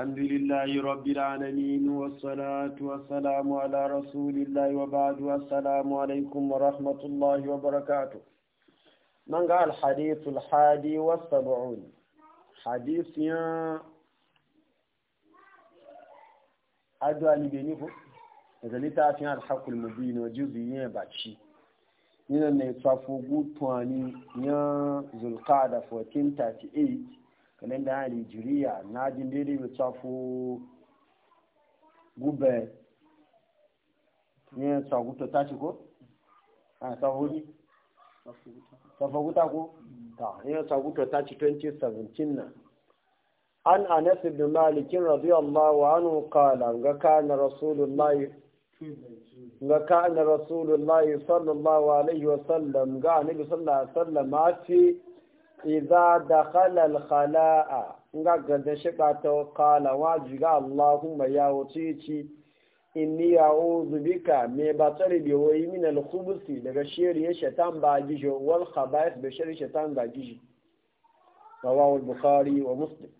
الحمد لله رب العالمين والصلاة والسلام على رسول الله وبعد والسلام عليكم ورحمة الله وبركاته من قال الحديث الحادي والسبعون حديث يا أدوى لبنيه إذا لتعفين الحق المبين وجزئين باتشي من أن يتصفوا قوتواني يا ذو القعدة 1438 kalenda ya nigeria na jin daidai da tsafo gube ne tsaguta ta ci ko? a tsafoni? tsafaguta ko? ta ne tsaguta ta ci 2017 na an anas ibn malikin radiyallahu wa anhu kala ga kana rasulullahi ga kana rasulullahi sallallahu alaihi wasallam ga annabi sallallahu alaihi wasallam a ce Iza da al-khala'a nga gada shiba ta qala wa jiga allahumma ya wucici inni a'udhu bika me ba tsare bi wayi min al-khubuthi daga shari'a shaitan ba gijo wal khaba'ith bi shari'a shaitan ba gijo rawahu al-bukhari wa muslim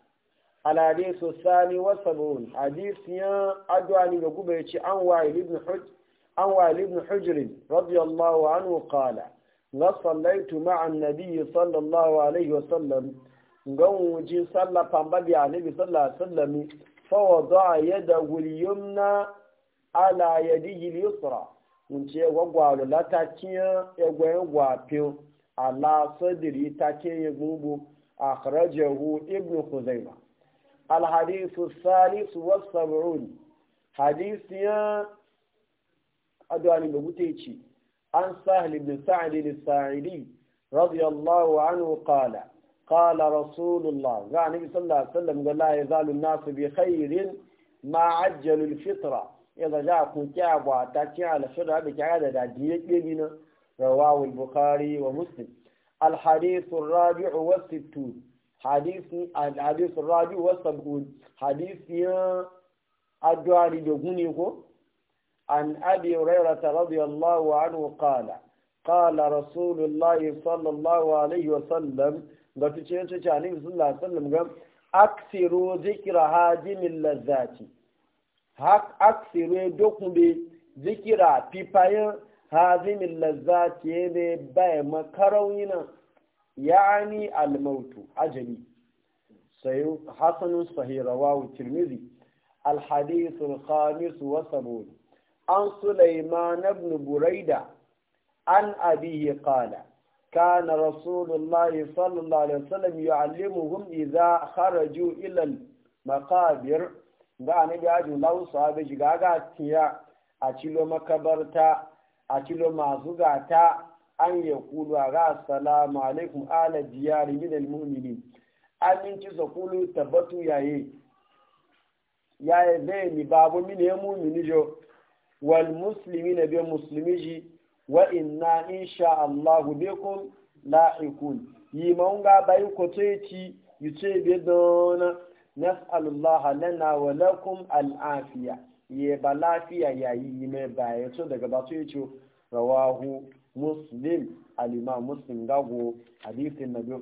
al-hadith ath-thani wa sab'un hadith ya adwani ga gube ci, an wa ibn hujr an wa ibn hujr radiyallahu anhu qala na sallaitu ma'an nabi sallallahu alaihi wasallam gan wuce sallah fambabi a nabi sallallahu sallami fawa zuwa yadda guliyum na ala yadihi yusra wuce gwagwaro latakiyar egwayen gwafin ala sadiri ta ya gugu a kharajahu ibn Alhadisu khuzaima الحديث الثالث والسبعون حديث يا أدواني ci. عن سهل بن سعد الساعدي رضي الله عنه قال قال رسول الله قال النبي صلى الله عليه وسلم قال لا يزال الناس بخير ما عجل الفطرة إذا جاءكم كعب وعتاكي على الفطرة بكعادة دعجيك بنا رواه البخاري ومسلم الحديث الرابع والستون حديث الحديث الرابع والسبعون حديث يا أدواري هو عن أبي هريرة رضي الله عنه قال قال رسول الله صلى الله عليه وسلم قلت شيء عليه صلى الله عليه وسلم قال أكثروا ذكر هادم اللذات هك أكثروا دكم ذكر بيبايا هادم اللذات يبي باي مكروينا يعني الموت أجلي حسن صحيح رواه الترمذي الحديث الخامس وسبعون an Sulaiman ibn Buraida an abihi qala kana Rasulullah sallallahu alaihi wasallam yu'allimuhum idza kharaju ila al-maqabir da annabi ajin lawu sahabe shiga ga tiya a cilo makabarta a cilo masu gata an ya kulu a ga assalamu alaikum ala diyari min al-mu'minin aminci tabbatu yaye yaye zai babu min ya mu'mini jo wal muslimi na biyan musulmi ji wa inna insha Allahu bikum la'ikun yi maunga bai ko ci yuce bi dona nas'alullah lana wa lakum al'afiya ye ba lafiya yayi mai baya to daga ba to yace rawahu muslim al-imam muslim gago hadisin nabi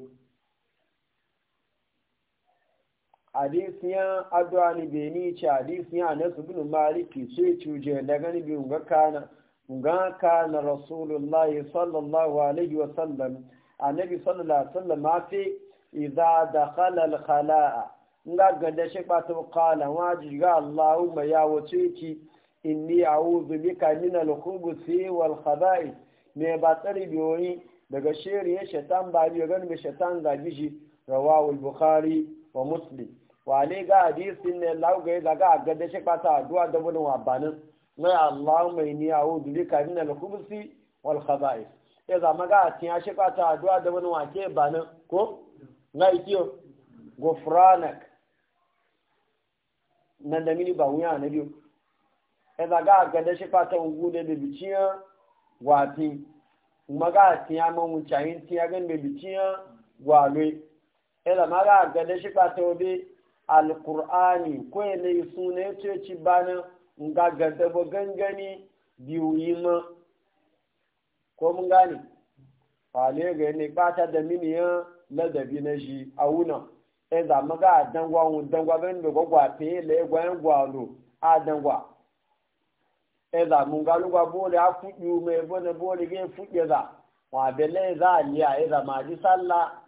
hadisiyan adwani beni ce hadisiyan anasu bin maliki ce cuje da gani bi unga kana unga kana sallallahu alaihi wa sallam annabi sallallahu alaihi wa sallam ma fi idza dakhala al khala'a nga ganda shi ba to qala waji ga allahumma ya wace ki inni a'udhu bika min al khubuthi wal khaba'ith me ba tsari biyoyi daga shirin shaitan ba biyo ganin shaitan ga biji rawahu al bukhari wa muslim wale ga hadisin ne lau ga yaza ga gada shi kwata addu'a da wani wabanin na Allah mai ni a hudu bika min al-khubsi wal khaba'is ya zama ga tiya shi kwata duwa da wani wake banin ko na ikiyo gufranak nan da mini ba wuya na biyu ya zaga gada shi kwata ungu da bibiciyar wafi maga tiya man wucayin tiya gan bibiciyar gwalwe ya zama ga gada shi kwata obi alkur'ani ko yi suna ya ce ci bana nga gadaba gangani biyu yi ma ko mun fale ga ne bata da miniyan ladabi na shi a wuna e zama ga wun dangwa da gwagwa fe la gwalo a dangwa ya e zama bole a mai bane bole ga fuɗe za za a liya e zama ji sallah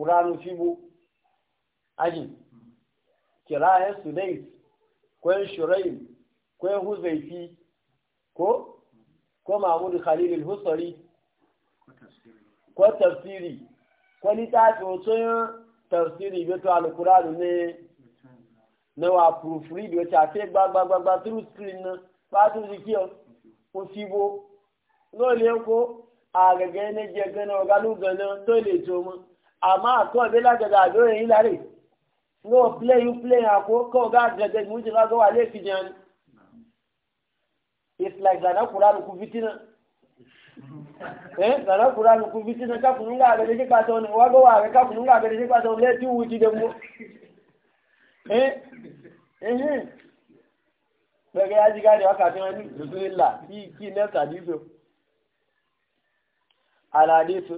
ƙuranu fibo ajin kirayen sudais kwen shuraim kwen huzaifi ko ko mahmudu khalil husari ko tafsiri ko littafi hoton tafsiri beto alkuranu ne na wa proofread wacce a fi gbagbagba through screen na ba tun jiki o fibo lóòlẹ́ ko a gẹ̀gẹ́ ní jẹ gánà ọ̀gálùgánà tó lè jọ mọ́ àmọ́ àtọ́ ìbí lágẹ̀dẹ̀ àjọ èyí lárè ní o play you play àpò kọ́ ọ̀gá àgẹ̀dẹ̀ mú ti lágọ́ wà lé fi jẹun it's like zanakura nukú fitina eh zanakura nukú fitina kákùnúngà àgẹ̀dẹ̀ sí pàtó ni wágọ́ wà rẹ̀ kákùnúngà àgẹ̀dẹ̀ sí pàtó ni lẹ́tí wù ti dẹ̀ mú eh eh gbẹ̀gẹ̀ ajígáde wákàtí wọn ní ìdúró ńlá kí kí nẹ́ẹ̀sì àdíso àlàdé so.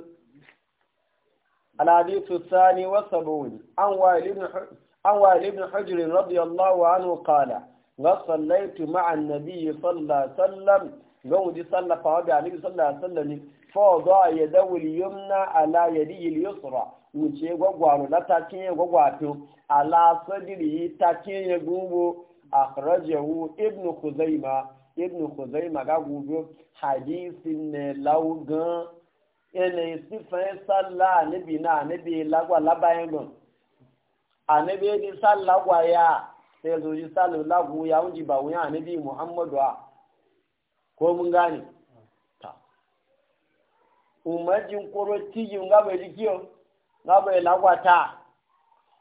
الحديث الثاني والسبعون عن وائل بن حجر رضي الله عنه قال وصليت مع النبي صلى الله عليه وسلم قود صلى فوضع النبي صلى الله عليه وسلم فوضع يده اليمنى على يده اليسرى wuce gwagwaro na takin gwagwato ala sadiri takin ya gubo akhrajahu ibnu khuzaima ibnu khuzaima ga gubo hadisin ne laugan ene isi fɛn salla ane bi na ane bi lagwa laba yɛ lɔ ane bi ni sala gwa ya tɛlɛ o ni sala lagu ya o ni ba o ya ane bi muhammadu a ko mun gani ta o ji koro ti ji nga bɛ di ki nga bɛ lagwa ta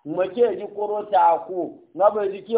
o ma ji koro ta ko nga bɛ di ki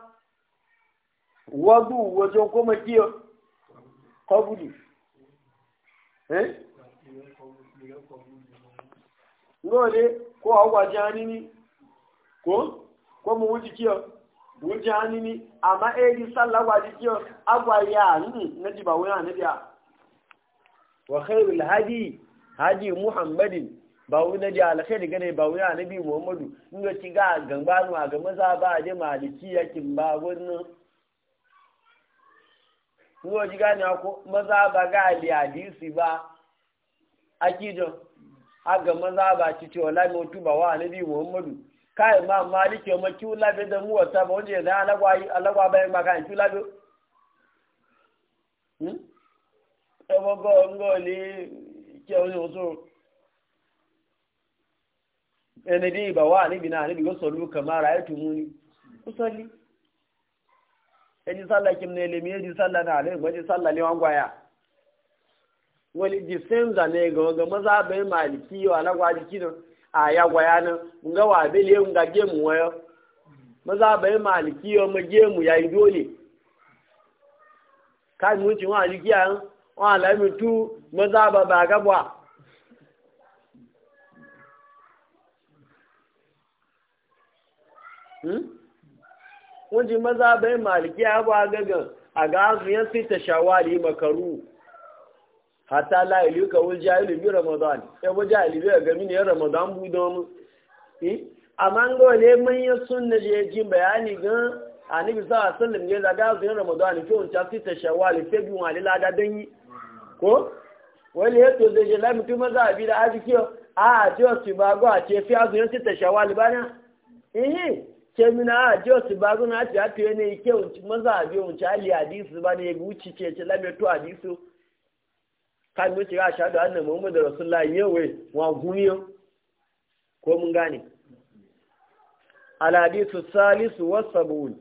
wadu wajen kuma kiyo kabuli eh lole ko agwa janini ko ko mu wuji kiyo wuji hanini amma eri sallah agwa ji kiyo agwa ya ni na ji ba wani na biya wa khairul hadi hadi muhammadin ba ji da alkhairi gane ba wani annabi muhammadu inda ci ga ganganu a ga maza ba a je maliki yakin ba wannan kuwa ji gane ko maza ba ga aliyadisi ba akido aga maza ba ci ce wala mai tuba wa annabi muhammadu kai ma malike ma ki labe da mu wata ba wanda da alagwa alagwa bayan ma kan ki labe hmm to e bo go ngoli ke wani wato ene dai ba wa annabi na annabi go sallu kamar ayatu muni usalli eji sallah kim ne lemi eji sallah na alayhi wajen sallah ne gwaya wani ji sem ne ga waga maza bai maliki wa na gwaji kino a ya gwaya na nga wa bele nga gemu wayo maza bai maliki wa ma gemu ya yi dole ka mu ci wa aliki an wa lami tu maza ba ba gabwa hmm kunji maza bai maliki ya ba gagan a ga yan sita shawali makaru hatta la iluka wal jahilu bi ramadan ya bu jahilu bi ga mini ramadan bu don eh amma ngo ne mun yi sunna je jin bayani ga annabi sallallahu alaihi wasallam ya zaga zuwa ramadan ko ta sita shawali ta bi wali lada don yi ko wani yato zai je lami maza maza bi da aji a a ce su ba go a ce fi azu yan sita shawali bana eh kemina a jiyo su ba guna ta ya fiye ne ke maza a biyu wuce ali hadisu ba ne wuce ce ce labe to hadisu kan wuce ya shaɗu annan muhammadu rasulullah yawai wa guniyo ko mun gane al hadisu salisu wa sabun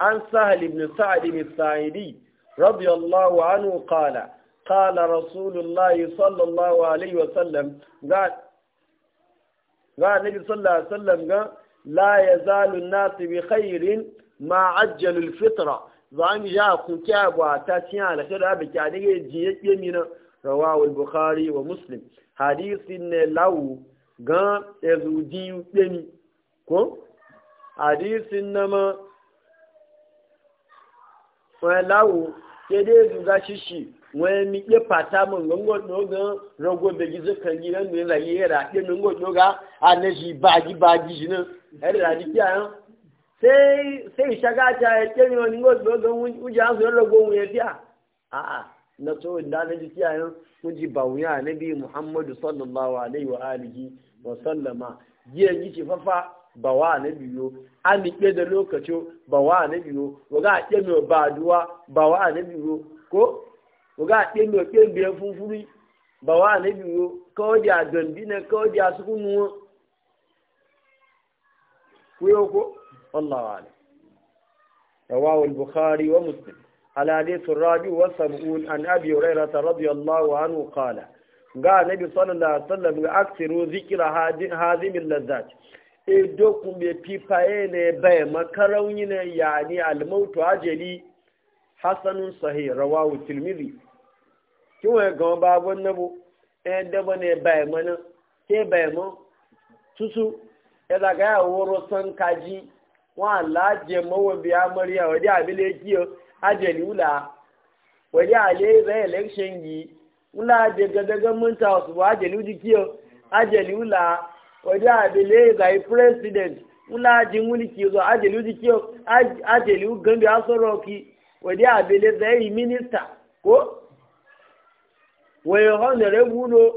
an sahal ibn sa'd ibn sa'idi radiyallahu anhu qala qala rasulullah sallallahu alayhi wa sallam ga ga nabi sallallahu alaihi wa sallam ga la ya zalu nasu bi khairin ma fitra za mu a kun a ba ta cin alkhira bi kya ne jiye mina rawahu al wa muslim hadisin ne lawu gan ezuji demi ko hadisin nama wa kede zuga shishi wọ́n mi yé pàtà mọ̀ ńgọ́ngọ́ ńgọ́ rọ́gbọ́ bẹ̀gì zọ́kàn yìí lẹ́nu ìlà yìí ẹ̀rà pé ńgọ́ ńgọ́ anẹ́sì báàjì báàjì yìí náà ẹ̀rẹ̀ àti kí àyàn. ṣé ìṣàkáàtà kye ni wọ́n ńgọ́ ńgọ́ wújà ń sọ lọ́gbọ́ ohun yẹn fíà. na so ìdánilẹ́jì kí àyàn wọ́n ti bà wúyà muhammadu sallallahu alayhi wa alihi wa sallama yíyẹ yi ti fafa ba wa na biyo kpe da lokacin bawa wa na biyo wa ga a ba duwa ba wa na biyo ko ga ɗin ga ƙin biya funfuri ba wa na biyu kawo ja dandi na kawo ja suku nuwa ku yau ko? Allah wa ne. Rawawa Bukhari wa Musulun. Alade sun rabi wa sab'un an abi raira ta rabi Allah wa hannu kala. Ga nabi bi sallallahu alaihi sallam ga aksiru zikira hazimin lazzat. E dokun bai pipaye ne bai makarauni ne Al-Mautu ajali Hassanun Sahih rawawa tilmizi. kí wọ́n gan bá bọ́ ẹ dẹ́bọ́ ní ẹ̀bà ẹ̀mọ́ náà tí ẹ̀bà ẹ̀mọ́ tútù ẹ̀dàgá sànkájí wọn àlájẹ mọ́wọ́ bíi amọ́ríyá ọ̀dẹ́ àbílẹ̀ kí ọ àlẹ́ rẹ̀ election yìí ńlá àjẹ gẹ́gẹ́gẹ́ mọ́ta ọ̀sùnwó ajẹ̀lú di kí ọ ìgbàyí president ńlá àjẹ múlìkì ọ kí ọ asọ́rọ̀ kí àbílẹ̀ kó. wee honor egwu ulo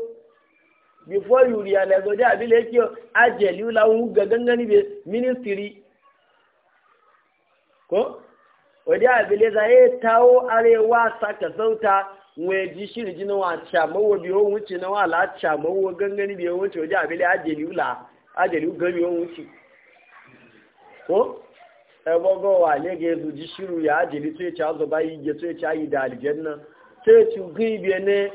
before you realize odi abile ki ajeli ula wu gagangani be ministry ko odi abile za e tawo arewa saka sauta ji shiri ji na wacha mawo bi na wala cha mawo gangani bi o wuce odi abile ajeli ula ko ebogo wa le ezu ji shiru ya ajeli to ya azọba yi ya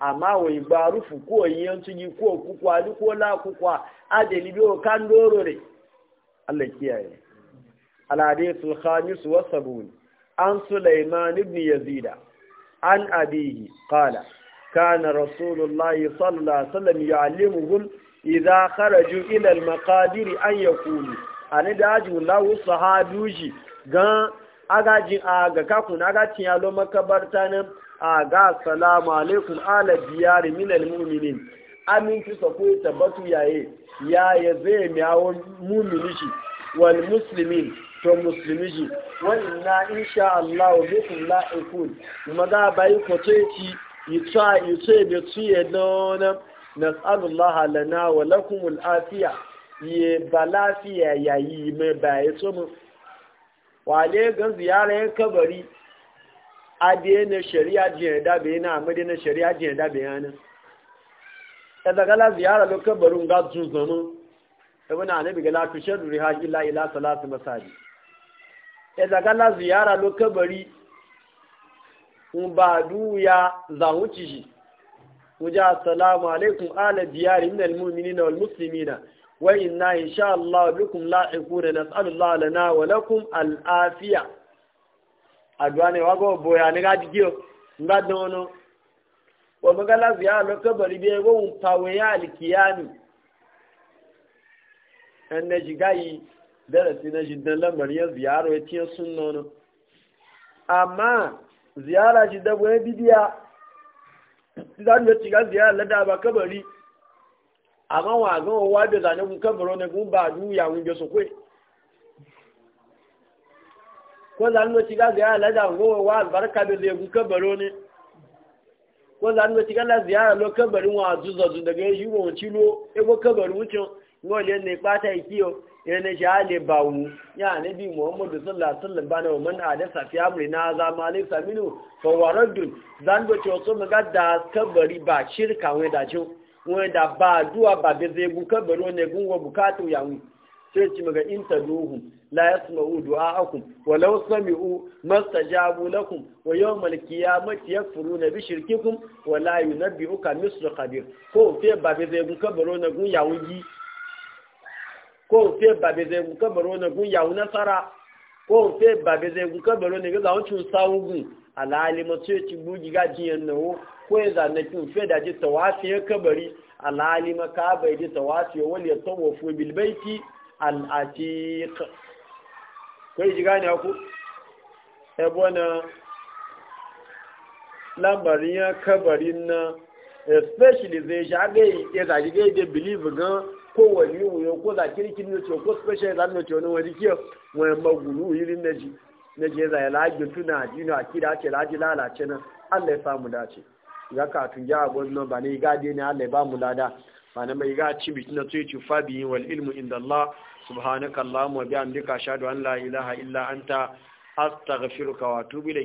amma wai ba rufu ko yanci yi ko kukwa ni ko la kukwa adali biyo kan doro ne Allah kiyaye al-hadith al-khamis wa sabun an sulaiman ibn yazid an abihi qala kana rasulullahi sallallahu alaihi wasallam yu'allimuhum idha kharaju ila al-maqadir an yaqulu ani da ajin lawu sahaduji gan agajin aga kakun agacin yalo makabarta nan a ga salamu alaikum ala diyari min almu'minin aminci sa ko tabbatu yaye Yaya zai miyawo muminishi shi wal muslimin to musulmi shi wal insha Allah bikum la'ikun kuma za bai ko ce ita ce da be tsiye na nas'alullah lana wa lakum al afiya ye balafiya yayi me bai so mu wale ga ziyara kabari adiye na shari'a jiyan dabe na amadi na shari'a jiyan dabe yana ta e zagala ziyara lokacin barin gajin zama e ibn anabi ga tu shaddu riha illa ila salatu masaji ya e zagala ziyara lokacin bari un ba duya zawuci shi muja assalamu alaikum ala diyari min na wal muslimina wa inna insha Allah bikum la'iquna nas'alullaha lana wa lakum al afiya àdúrà ni wọ́n gbọ́ bóyá ní ká dídí o nígbà dán ọ́nà wọ́n mú gálásì yá lọ kébọ̀lì bí ẹgbẹ́ òun pàwé yá àlìkíyáàmì ẹnẹ́jì gáyìí bẹ̀rẹ̀ sí ẹnẹ́jì dán lẹ́mọ̀rí yẹn ziyàrá etí ẹ̀ sún náà nù àmà ziyàrá ti dẹ́gbọ́ ẹ́ dídí a lada ba kabari amma wa gan wa da zanen kabaro ne kun ba je kwe ko za mu ci gaza ya lada gowa wa albarka da zai guka baro ne ko za mu ci gaza ziyara lo kabarin wa zuza zu daga yi wa cilo e kabarin wucin ngole ne bata ikiyo yana e jale bawu ya bi muhammadu sallallahu alaihi wasallam bana wa man amri na za malik saminu fa waradun so da kabari ba shirka wai da ba duwa ba da zai guka ne bukatu sai ci maga inta duhun, la ya yasma'u walau sami u masta mastajabu lakum wa ya furu na bi shirkikum wa la yunabbi'uka mislu khabir ko ba bai zai guka baro na gun yawuji ko ba bai zai gun baro na gun yawu nasara ko ba bai zai gun baro na ga zawon cin sawugun alali masu ya ci bugi gajin yannawo ko ya kin fiye da ji tawafiyar kabari alali ka bai ji tawafiyar wani ya tawafo bilbaiti al'atiq kai ji gani ku ebo na lambarin ya kabarin na especially zai sha gai ya zaji gai da believe gan ko wani wuyo ko za kirkin na ce ko special zan na ce wani wani kiyar wani magulu irin na ji na je zai lagi tuna jino a kira ce laji lalace na allah ya samu dace ya katun ya abuwa ba ne gade ne allah ya ba mu lada mana mai ga ci bitin na tsoye cufa biyi wal ilmu inda Allah subhanaka Allahumma amdika ashhadu an la ilaha illa anta astaghfiruka wa atubu